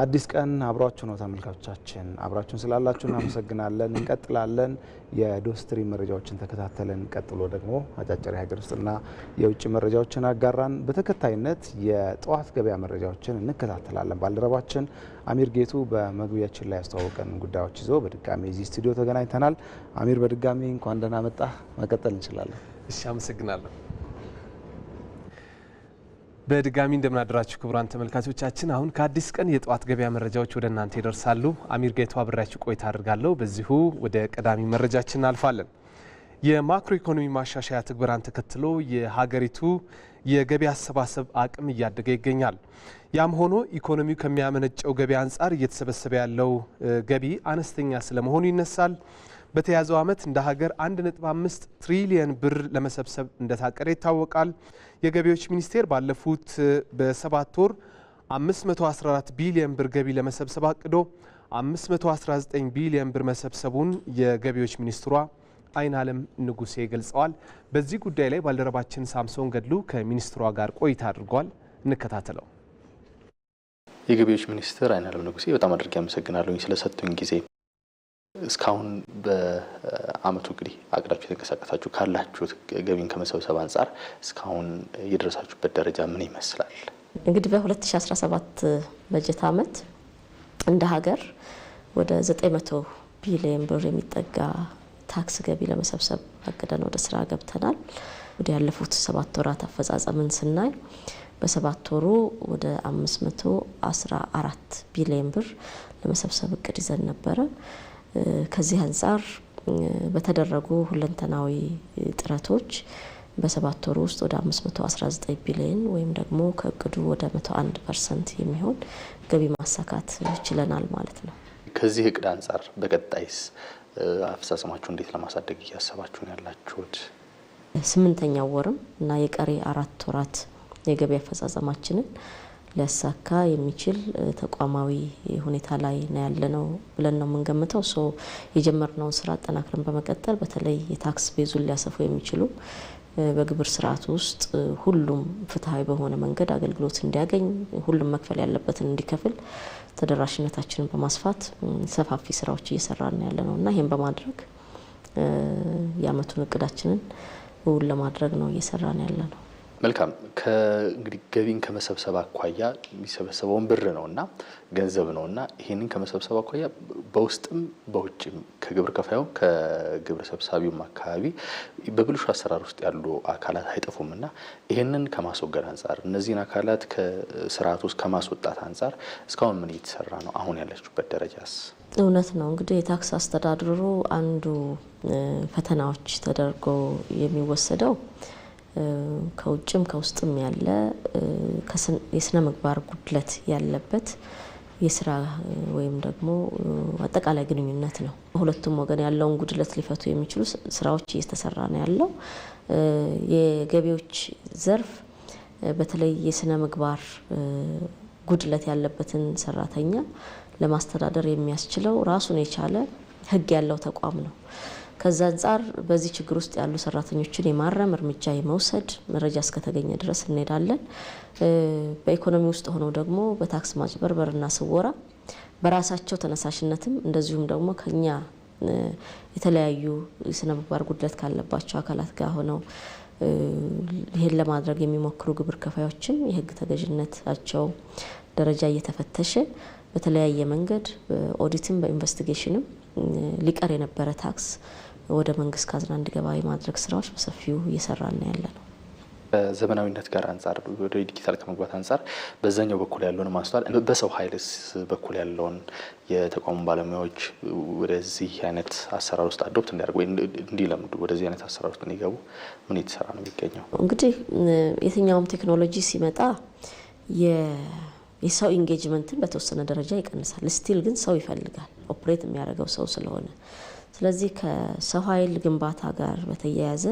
አዲስ ቀን አብሯችሁ ነው ተመልካቾቻችን፣ አብራችሁን ስላላችሁ እናመሰግናለን። እንቀጥላለን። የዶስትሪ መረጃዎችን ተከታተለን። ቀጥሎ ደግሞ አጫጭር የሀገር ውስጥና የውጭ መረጃዎችን አጋራን። በተከታይነት የጠዋት ገበያ መረጃዎችን እንከታተላለን። ባልደረባችን አሚር ጌቱ በመግቢያችን ላይ ያስተዋወቀን ጉዳዮች ይዞ በድጋሚ እዚህ ስቱዲዮ ተገናኝተናል። አሚር፣ በድጋሚ እንኳን ደህና መጣህ። መቀጠል እንችላለን። እሺ፣ አመሰግናለሁ። በድጋሚ እንደምናደራችሁ ክቡራን ተመልካቾቻችን፣ አሁን ከአዲስ ቀን የጠዋት ገበያ መረጃዎች ወደ እናንተ ይደርሳሉ። አሚር ጌቱ አብሬያችሁ ቆይታ አድርጋለሁ። በዚሁ ወደ ቀዳሚ መረጃችን እናልፋለን። የማክሮ ኢኮኖሚ ማሻሻያ ትግበራን ተከትሎ የሀገሪቱ የገቢ አሰባሰብ አቅም እያደገ ይገኛል። ያም ሆኖ ኢኮኖሚው ከሚያመነጨው ገቢ አንጻር እየተሰበሰበ ያለው ገቢ አነስተኛ ስለመሆኑ ይነሳል። በተያዘው ዓመት እንደ ሀገር 1.5 ትሪሊየን ብር ለመሰብሰብ እንደታቀደ ይታወቃል። የገቢዎች ሚኒስቴር ባለፉት በሰባት ወር 514 ቢሊዮን ብር ገቢ ለመሰብሰብ አቅዶ 519 ቢሊዮን ብር መሰብሰቡን የገቢዎች ሚኒስትሯ አይን አለም ንጉሴ ገልጸዋል። በዚህ ጉዳይ ላይ ባልደረባችን ሳምሶን ገድሉ ከሚኒስትሯ ጋር ቆይታ አድርጓል። እንከታተለው። የገቢዎች ሚኒስትር አይን አለም ንጉሴ በጣም አድርጌ አመሰግናለሁኝ ስለሰጡኝ ጊዜ። እስካሁን በአመቱ እንግዲህ አቅዳችሁ የተንቀሳቀሳችሁ ካላችሁት ገቢን ከመሰብሰብ አንጻር እስካሁን የደረሳችሁበት ደረጃ ምን ይመስላል? እንግዲህ በ2017 በጀት አመት እንደ ሀገር ወደ 900 ቢሊዮን ብር የሚጠጋ ታክስ ገቢ ለመሰብሰብ አቅደን ወደ ስራ ገብተናል። ወደ ያለፉት ሰባት ወራት አፈጻጸምን ስናይ በሰባት ወሩ ወደ 514 ቢሊዮን ብር ለመሰብሰብ እቅድ ይዘን ነበረ። ከዚህ አንጻር በተደረጉ ሁለንተናዊ ጥረቶች በሰባት ወር ውስጥ ወደ 519 ቢሊዮን ወይም ደግሞ ከእቅዱ ወደ 101 ፐርሰንት የሚሆን ገቢ ማሳካት ችለናል ማለት ነው። ከዚህ እቅድ አንጻር በቀጣይስ አፈጻጸማችሁ እንዴት ለማሳደግ እያሰባችሁ ነው ያላችሁት? ስምንተኛው ወርም እና የቀሪ አራት ወራት የገቢ አፈጻጸማችንን ሊያሳካ የሚችል ተቋማዊ ሁኔታ ላይ ነው ያለነው ብለን ነው የምንገምተው። ሶ የጀመርነውን ስራ አጠናክረን በመቀጠል በተለይ የታክስ ቤዙን ሊያሰፉ የሚችሉ በግብር ስርዓት ውስጥ ሁሉም ፍትሐዊ በሆነ መንገድ አገልግሎት እንዲያገኝ ሁሉም መክፈል ያለበትን እንዲከፍል ተደራሽነታችንን በማስፋት ሰፋፊ ስራዎች እየሰራን ያለ ነው እና ይህም በማድረግ የአመቱን እቅዳችንን እውን ለማድረግ ነው እየሰራን ያለ ነው። መልካም እንግዲህ ገቢን ከመሰብሰብ አኳያ የሚሰበሰበውን ብር ነው እና ገንዘብ ነው እና ይህንን ከመሰብሰብ አኳያ በውስጥም በውጭም ከግብር ከፋዩም ከግብር ሰብሳቢውም አካባቢ በብልሹ አሰራር ውስጥ ያሉ አካላት አይጠፉም እና ይህንን ከማስወገድ አንጻር እነዚህን አካላት ከስርዓት ውስጥ ከማስወጣት አንጻር እስካሁን ምን እየተሰራ ነው? አሁን ያለችበት ደረጃስ? እውነት ነው እንግዲህ የታክስ አስተዳድሩ አንዱ ፈተናዎች ተደርጎ የሚወሰደው ከውጭም ከውስጥም ያለ የስነ ምግባር ጉድለት ያለበት የስራ ወይም ደግሞ አጠቃላይ ግንኙነት ነው። ሁለቱም ወገን ያለውን ጉድለት ሊፈቱ የሚችሉ ስራዎች እየተሰራ ነው ያለው። የገቢዎች ዘርፍ በተለይ የስነ ምግባር ጉድለት ያለበትን ሰራተኛ ለማስተዳደር የሚያስችለው ራሱን የቻለ ሕግ ያለው ተቋም ነው። ከዛ አንጻር በዚህ ችግር ውስጥ ያሉ ሰራተኞችን የማረም እርምጃ የመውሰድ መረጃ እስከተገኘ ድረስ እንሄዳለን። በኢኮኖሚ ውስጥ ሆነው ደግሞ በታክስ ማጭበርበርና ስወራ በራሳቸው ተነሳሽነትም እንደዚሁም ደግሞ ከኛ የተለያዩ የስነ ምግባር ጉድለት ካለባቸው አካላት ጋር ሆነው ይህን ለማድረግ የሚሞክሩ ግብር ከፋዮችም የህግ ተገዥነታቸው ደረጃ እየተፈተሸ በተለያየ መንገድ በኦዲትም በኢንቨስቲጌሽንም ሊቀር የነበረ ታክስ ወደ መንግስት ካዝና እንዲገባ የማድረግ ስራዎች በሰፊው እየሰራን ያለ ነው። ከዘመናዊነት ጋር አንጻር ወደ ዲጂታል ከመግባት አንጻር በዛኛው በኩል ያለውን ማስተዋል፣ በሰው ኃይልስ በኩል ያለውን የተቋሙ ባለሙያዎች ወደዚህ አይነት አሰራር ውስጥ አዶፕት እንዲያደርጉ እንዲለምዱ ወደዚህ አይነት አሰራር ውስጥ እንዲገቡ ምን የተሰራ ነው የሚገኘው? እንግዲህ የትኛውም ቴክኖሎጂ ሲመጣ የሰው ኢንጌጅመንትን በተወሰነ ደረጃ ይቀንሳል። ስቲል ግን ሰው ይፈልጋል ኦፕሬት የሚያደርገው ሰው ስለሆነ ስለዚህ ከሰው ኃይል ግንባታ ጋር በተያያዘ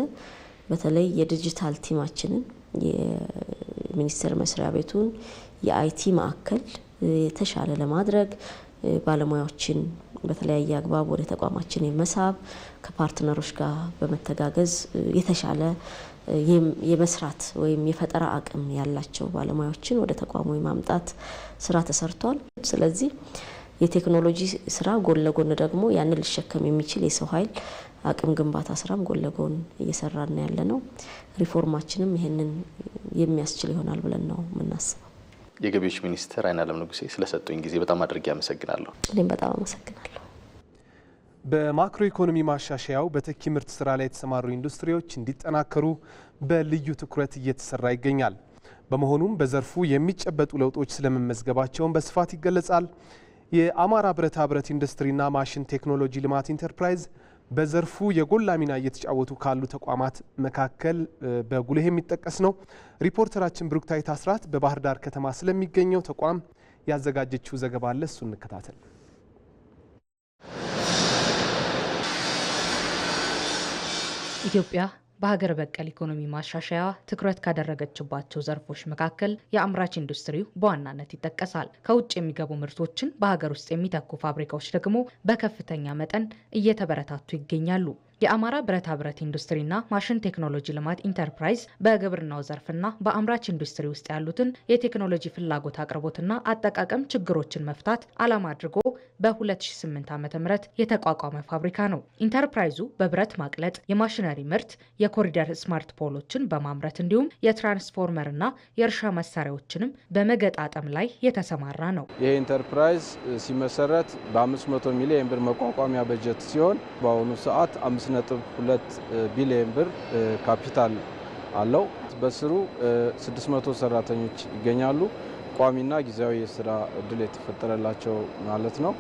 በተለይ የዲጂታል ቲማችንን የሚኒስቴር መስሪያ ቤቱን የአይቲ ማዕከል የተሻለ ለማድረግ ባለሙያዎችን በተለያየ አግባብ ወደ ተቋማችን የመሳብ ከፓርትነሮች ጋር በመተጋገዝ የተሻለ የመስራት ወይም የፈጠራ አቅም ያላቸው ባለሙያዎችን ወደ ተቋሙ የማምጣት ስራ ተሰርቷል። ስለዚህ የቴክኖሎጂ ስራ ጎን ለጎን ደግሞ ያንን ሊሸከም የሚችል የሰው ኃይል አቅም ግንባታ ስራም ጎን ለጎን እየሰራና ያለ ነው። ሪፎርማችንም ይህንን የሚያስችል ይሆናል ብለን ነው የምናስበው። የገቢዎች ሚኒስትር አይናለም ንጉሴ ስለሰጡኝ ጊዜ በጣም አድርጌ አመሰግናለሁ። እኔም በጣም አመሰግናለሁ። በማክሮ ኢኮኖሚ ማሻሻያው በተኪ ምርት ስራ ላይ የተሰማሩ ኢንዱስትሪዎች እንዲጠናከሩ በልዩ ትኩረት እየተሰራ ይገኛል። በመሆኑም በዘርፉ የሚጨበጡ ለውጦች ስለመመዝገባቸውን በስፋት ይገለጻል። የአማራ ብረታ ብረት ኢንዱስትሪና ማሽን ቴክኖሎጂ ልማት ኢንተርፕራይዝ በዘርፉ የጎላ ሚና እየተጫወቱ ካሉ ተቋማት መካከል በጉልህ የሚጠቀስ ነው። ሪፖርተራችን ብሩክታዊት አስራት በባህር ዳር ከተማ ስለሚገኘው ተቋም ያዘጋጀችው ዘገባ አለ። እሱ እንከታተል። ኢትዮጵያ በሀገር በቀል ኢኮኖሚ ማሻሻያ ትኩረት ካደረገችባቸው ዘርፎች መካከል የአምራች ኢንዱስትሪው በዋናነት ይጠቀሳል። ከውጭ የሚገቡ ምርቶችን በሀገር ውስጥ የሚተኩ ፋብሪካዎች ደግሞ በከፍተኛ መጠን እየተበረታቱ ይገኛሉ። የአማራ ብረታ ብረት ኢንዱስትሪና ማሽን ቴክኖሎጂ ልማት ኢንተርፕራይዝ በግብርናው ዘርፍና በአምራች ኢንዱስትሪ ውስጥ ያሉትን የቴክኖሎጂ ፍላጎት አቅርቦትና አጠቃቀም ችግሮችን መፍታት ዓላማ አድርጎ በ2008 ዓ.ም የተቋቋመ ፋብሪካ ነው። ኢንተርፕራይዙ በብረት ማቅለጥ፣ የማሽነሪ ምርት፣ የኮሪደር ስማርት ፖሎችን በማምረት እንዲሁም የትራንስፎርመርና የእርሻ መሳሪያዎችንም በመገጣጠም ላይ የተሰማራ ነው። ይህ ኢንተርፕራይዝ ሲመሰረት በ500 ሚሊዮን ብር መቋቋሚያ በጀት ሲሆን በአሁኑ ሰዓት 6.2 ቢሊዮን ብር ካፒታል አለው። በስሩ 600 ሰራተኞች ይገኛሉ። ቋሚና ጊዜያዊ የስራ እድል የተፈጠረላቸው ማለት ነው።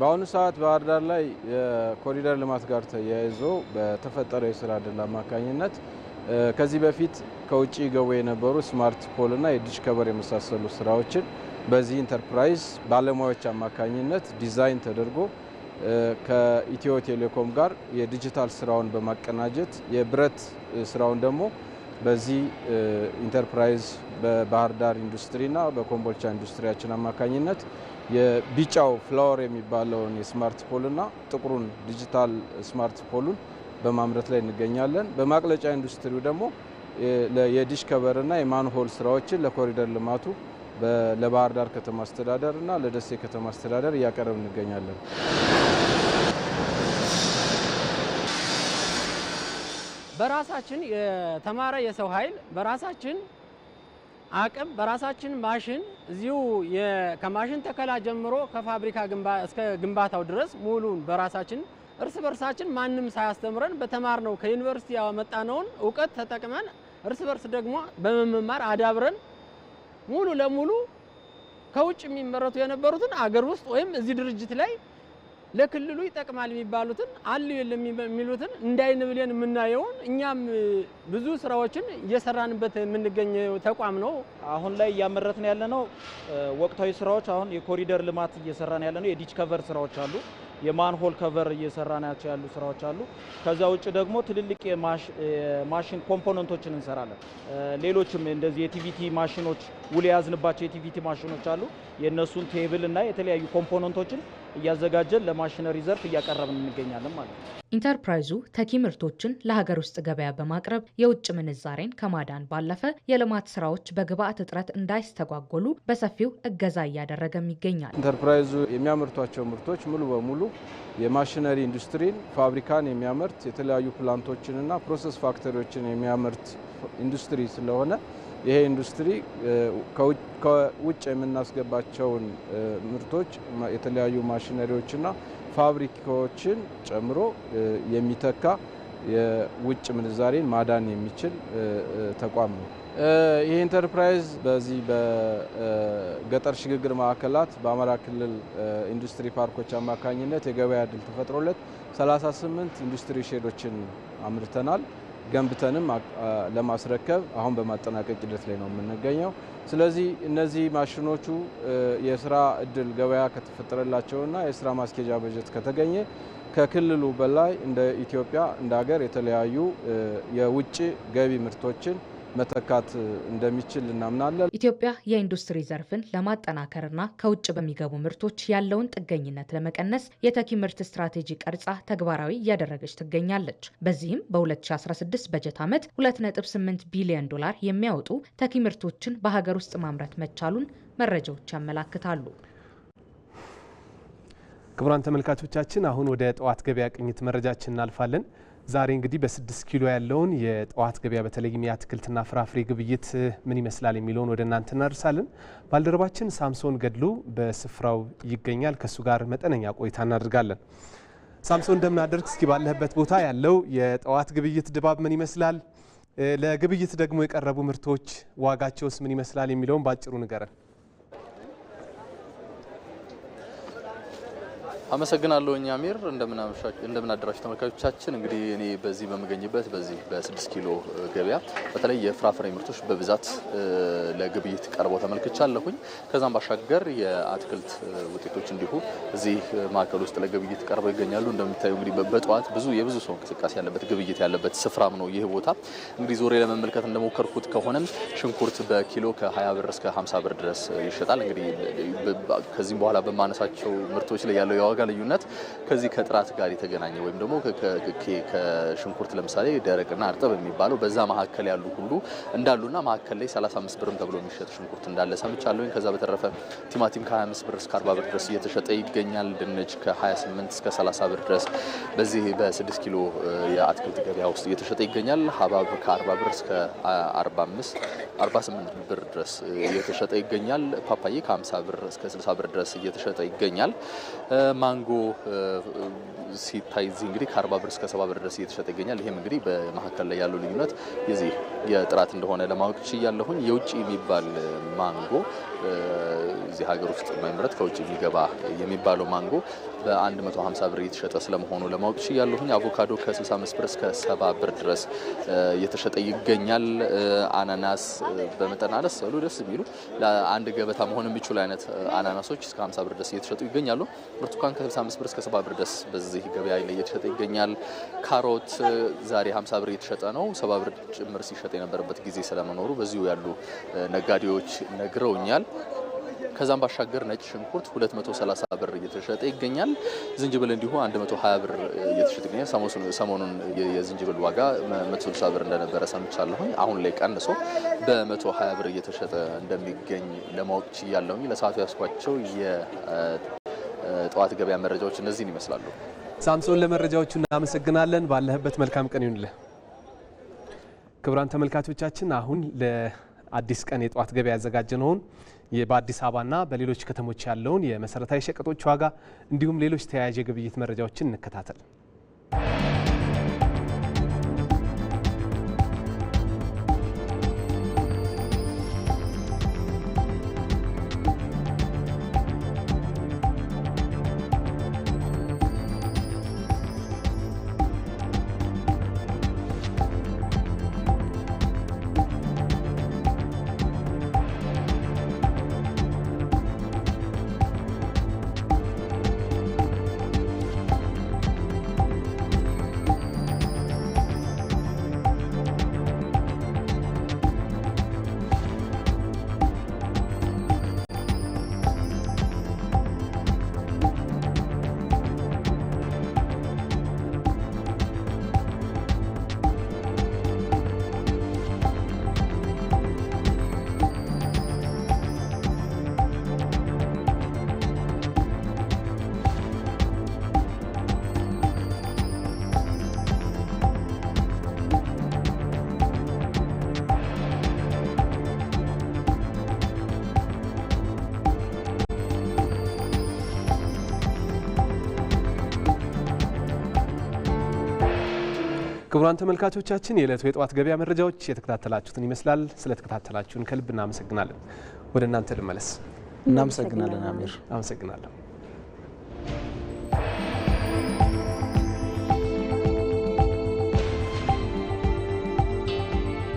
በአሁኑ ሰዓት ባህር ዳር ላይ የኮሪደር ልማት ጋር ተያይዞ በተፈጠረው የስራ እድል አማካኝነት ከዚህ በፊት ከውጭ ገቡ የነበሩ ስማርት ፖልና የዲሽ ከበር የመሳሰሉ ስራዎችን በዚህ ኢንተርፕራይዝ ባለሙያዎች አማካኝነት ዲዛይን ተደርጎ ከኢትዮ ቴሌኮም ጋር የዲጂታል ስራውን በማቀናጀት የብረት ስራውን ደግሞ በዚህ ኢንተርፕራይዝ በባህር ዳር ኢንዱስትሪና በኮምቦልቻ ኢንዱስትሪያችን አማካኝነት የቢጫው ፍላወር የሚባለውን የስማርት ፖልና ጥቁሩን ዲጂታል ስማርት ፖሉን በማምረት ላይ እንገኛለን። በማቅለጫ ኢንዱስትሪው ደግሞ የዲሽ ና የማንሆል ስራዎችን ለኮሪደር ልማቱ ለባህር ዳር ከተማ አስተዳደር እና ለደሴ ከተማ አስተዳደር እያቀረብ እንገኛለን። በራሳችን የተማረ የሰው ኃይል በራሳችን አቅም በራሳችን ማሽን እዚሁ ከማሽን ተከላ ጀምሮ ከፋብሪካ እስከ ግንባታው ድረስ ሙሉን በራሳችን እርስ በርሳችን ማንም ሳያስተምረን በተማርነው ከዩኒቨርሲቲ ያመጣነውን እውቀት ተጠቅመን እርስ በርስ ደግሞ በመመማር አዳብረን ሙሉ ለሙሉ ከውጭ የሚመረቱ የነበሩትን አገር ውስጥ ወይም እዚህ ድርጅት ላይ ለክልሉ ይጠቅማል የሚባሉትን አሉ የሚሉትን እንዳይን ብለን የምናየውን እኛም ብዙ ስራዎችን እየሰራንበት የምንገኝ ተቋም ነው። አሁን ላይ እያመረትን ያለ ነው ወቅታዊ ስራዎች አሁን የኮሪደር ልማት እየሰራን ያለ ነው። የዲች ከቨር ስራዎች አሉ። የማንሆል ከቨር እየሰራ ያሉ ስራዎች አሉ። ከዛ ውጭ ደግሞ ትልልቅ የማሽን ኮምፖነንቶችን እንሰራለን። ሌሎችም እንደዚህ የቲቪቲ ማሽኖች ውል የያዝንባቸው የቲቪቲ ማሽኖች አሉ። የእነሱን ቴብል እና የተለያዩ ኮምፖነንቶችን እያዘጋጀን ለማሽነሪ ዘርፍ እያቀረብን እንገኛለን ማለት ነው። ኢንተርፕራይዙ ተኪ ምርቶችን ለሀገር ውስጥ ገበያ በማቅረብ የውጭ ምንዛሬን ከማዳን ባለፈ የልማት ስራዎች በግብአት እጥረት እንዳይስተጓጎሉ በሰፊው እገዛ እያደረገም ይገኛል። ኢንተርፕራይዙ የሚያመርቷቸው ምርቶች ሙሉ በሙሉ የማሽነሪ ኢንዱስትሪን፣ ፋብሪካን የሚያመርት የተለያዩ ፕላንቶችንና ፕሮሰስ ፋክተሪዎችን የሚያመርት ኢንዱስትሪ ስለሆነ ይሄ ኢንዱስትሪ ከውጭ የምናስገባቸውን ምርቶች የተለያዩ ማሽነሪዎችና ፋብሪካዎችን ጨምሮ የሚተካ የውጭ ምንዛሬን ማዳን የሚችል ተቋም ነው። ይህ ኢንተርፕራይዝ በዚህ በገጠር ሽግግር ማዕከላት በአማራ ክልል ኢንዱስትሪ ፓርኮች አማካኝነት የገበያ እድል ተፈጥሮለት 38 ኢንዱስትሪ ሼዶችን አምርተናል። ገንብተንም ለማስረከብ አሁን በማጠናቀቅ ሂደት ላይ ነው የምንገኘው። ስለዚህ እነዚህ ማሽኖቹ የስራ እድል ገበያ ከተፈጠረላቸውና የስራ ማስኬጃ በጀት ከተገኘ ከክልሉ በላይ እንደ ኢትዮጵያ እንደ ሀገር የተለያዩ የውጭ ገቢ ምርቶችን መተካት እንደሚችል እናምናለን። ኢትዮጵያ የኢንዱስትሪ ዘርፍን ለማጠናከርና ከውጭ በሚገቡ ምርቶች ያለውን ጥገኝነት ለመቀነስ የተኪ ምርት ስትራቴጂ ቀርጻ ተግባራዊ እያደረገች ትገኛለች። በዚህም በ2016 በጀት ዓመት 2.8 ቢሊዮን ዶላር የሚያወጡ ተኪ ምርቶችን በሀገር ውስጥ ማምረት መቻሉን መረጃዎች ያመላክታሉ። ክቡራን ተመልካቾቻችን አሁን ወደ ጠዋት ገበያ ቅኝት መረጃችን እናልፋለን። ዛሬ እንግዲህ በስድስት ኪሎ ያለውን የጠዋት ገበያ በተለይም የአትክልትና ፍራፍሬ ግብይት ምን ይመስላል የሚለውን ወደ እናንተ እናደርሳለን። ባልደረባችን ሳምሶን ገድሉ በስፍራው ይገኛል። ከእሱ ጋር መጠነኛ ቆይታ እናደርጋለን። ሳምሶን እንደምናደርግ እስኪ ባለህበት ቦታ ያለው የጠዋት ግብይት ድባብ ምን ይመስላል፣ ለግብይት ደግሞ የቀረቡ ምርቶች ዋጋቸውስ ምን ይመስላል የሚለውን ባጭሩ ንገረን። አመሰግናለሁ እኛ አሚር እንደምን አደራችሁ ተመልካቾቻችን። እንግዲህ እኔ በዚህ በምገኝበት በዚህ በስድስት ኪሎ ገበያ በተለይ የፍራፍሬ ምርቶች በብዛት ለግብይት ቀርበው ተመልክቻለሁኝ። ከዛም ባሻገር የአትክልት ውጤቶች እንዲሁ እዚህ ማዕከል ውስጥ ለግብይት ቀርበው ይገኛሉ። እንደምታዩ እንግዲህ በጠዋት ብዙ የብዙ ሰው እንቅስቃሴ ያለበት ግብይት ያለበት ስፍራም ነው ይህ ቦታ። እንግዲህ ዞሬ ለመመልከት እንደሞከርኩት ከሆነም ሽንኩርት በኪሎ ከ20 ብር እስከ 50 ብር ድረስ ይሸጣል። እንግዲህ ከዚህም በኋላ በማነሳቸው ምርቶች ላይ ያለው የዋጋ ልዩነት ከዚህ ከጥራት ጋር የተገናኘ ወይም ደግሞ ከሽንኩርት ለምሳሌ ደረቅና እርጥብ የሚባለው በዛ መካከል ያሉ ሁሉ እንዳሉና መካከል ላይ 35 ብርም ተብሎ የሚሸጥ ሽንኩርት እንዳለ ሰምቻለሁኝ። ከዛ በተረፈ ቲማቲም ከ25 ብር እስከ 40 ብር ድረስ እየተሸጠ ይገኛል። ድንች ከ28 እስከ 30 ብር ድረስ በዚህ በ6 ኪሎ የአትክልት ገበያ ውስጥ እየተሸጠ ይገኛል። ሀባብ ከ40 ብር እስከ 45 48 ብር ድረስ እየተሸጠ ይገኛል። ፓፓዬ ከ50 ብር እስከ 60 ብር ድረስ እየተሸጠ ይገኛል። ማንጎ ሲታይ እዚህ እንግዲህ ከአርባ ብር እስከ ሰባ ብር ድረስ እየተሸጠ ይገኛል። ይህም እንግዲህ በመካከል ላይ ያለው ልዩነት የዚህ የጥራት እንደሆነ ለማወቅ ችያለሁኝ። የውጭ የሚባል ማንጎ እዚህ ሀገር ውስጥ መምረት ከውጭ የሚገባ የሚባለው ማንጎ በ150 ብር እየተሸጠ ስለመሆኑ ለማወቅ ችያለሁኝ። አቮካዶ ከ65 ብር እስከ 70 ብር ድረስ እየተሸጠ ይገኛል። አናናስ በመጠን አነስ ያሉ ደስ የሚሉ ለአንድ ገበታ መሆን የሚችሉ አይነት አናናሶች እስከ 50 ብር ድረስ እየተሸጡ ይገኛሉ። ብርቱካን ከ65 ብር እስከ 70 ብር ድረስ በዚህ ገበያ ላይ እየተሸጠ ይገኛል። ካሮት ዛሬ 50 ብር እየተሸጠ ነው። 70 ብር ጭምር ሲሸጥ የነበረበት ጊዜ ስለመኖሩ በዚሁ ያሉ ነጋዴዎች ነግረውኛል። ከዛም ባሻገር ነጭ ሽንኩርት 230 ብር እየተሸጠ ይገኛል። ዝንጅብል እንዲሁ 120 ብር እየተሸጠ ይገኛል። ሰሞኑን የዝንጅብል ዋጋ 160 ብር እንደነበረ ሰምቻለሁኝ። አሁን ላይ ቀንሶ በ120 ብር እየተሸጠ እንደሚገኝ ለማወቅ ችያለሁኝ። ለሰዓቱ ያስኳቸው ጠዋት ገበያ መረጃዎች እነዚህን ይመስላሉ። ሳምሶን ለመረጃዎቹ እናመሰግናለን። ባለህበት መልካም ቀን ይሁንልህ። ክቡራን ተመልካቾቻችን አሁን ለአዲስ ቀን የጠዋት ገበያ ያዘጋጀነውን በአዲስ አበባና በሌሎች ከተሞች ያለውን የመሰረታዊ ሸቀጦች ዋጋ እንዲሁም ሌሎች ተያያዥ የግብይት መረጃዎችን እንከታተል። ክቡራን ተመልካቾቻችን የዕለቱ የጠዋት ገበያ መረጃዎች የተከታተላችሁትን ይመስላል። ስለተከታተላችሁን ከልብ እናመሰግናለን። ወደ እናንተ ልመለስ። እናመሰግናለን አሚር። አመሰግናለሁ።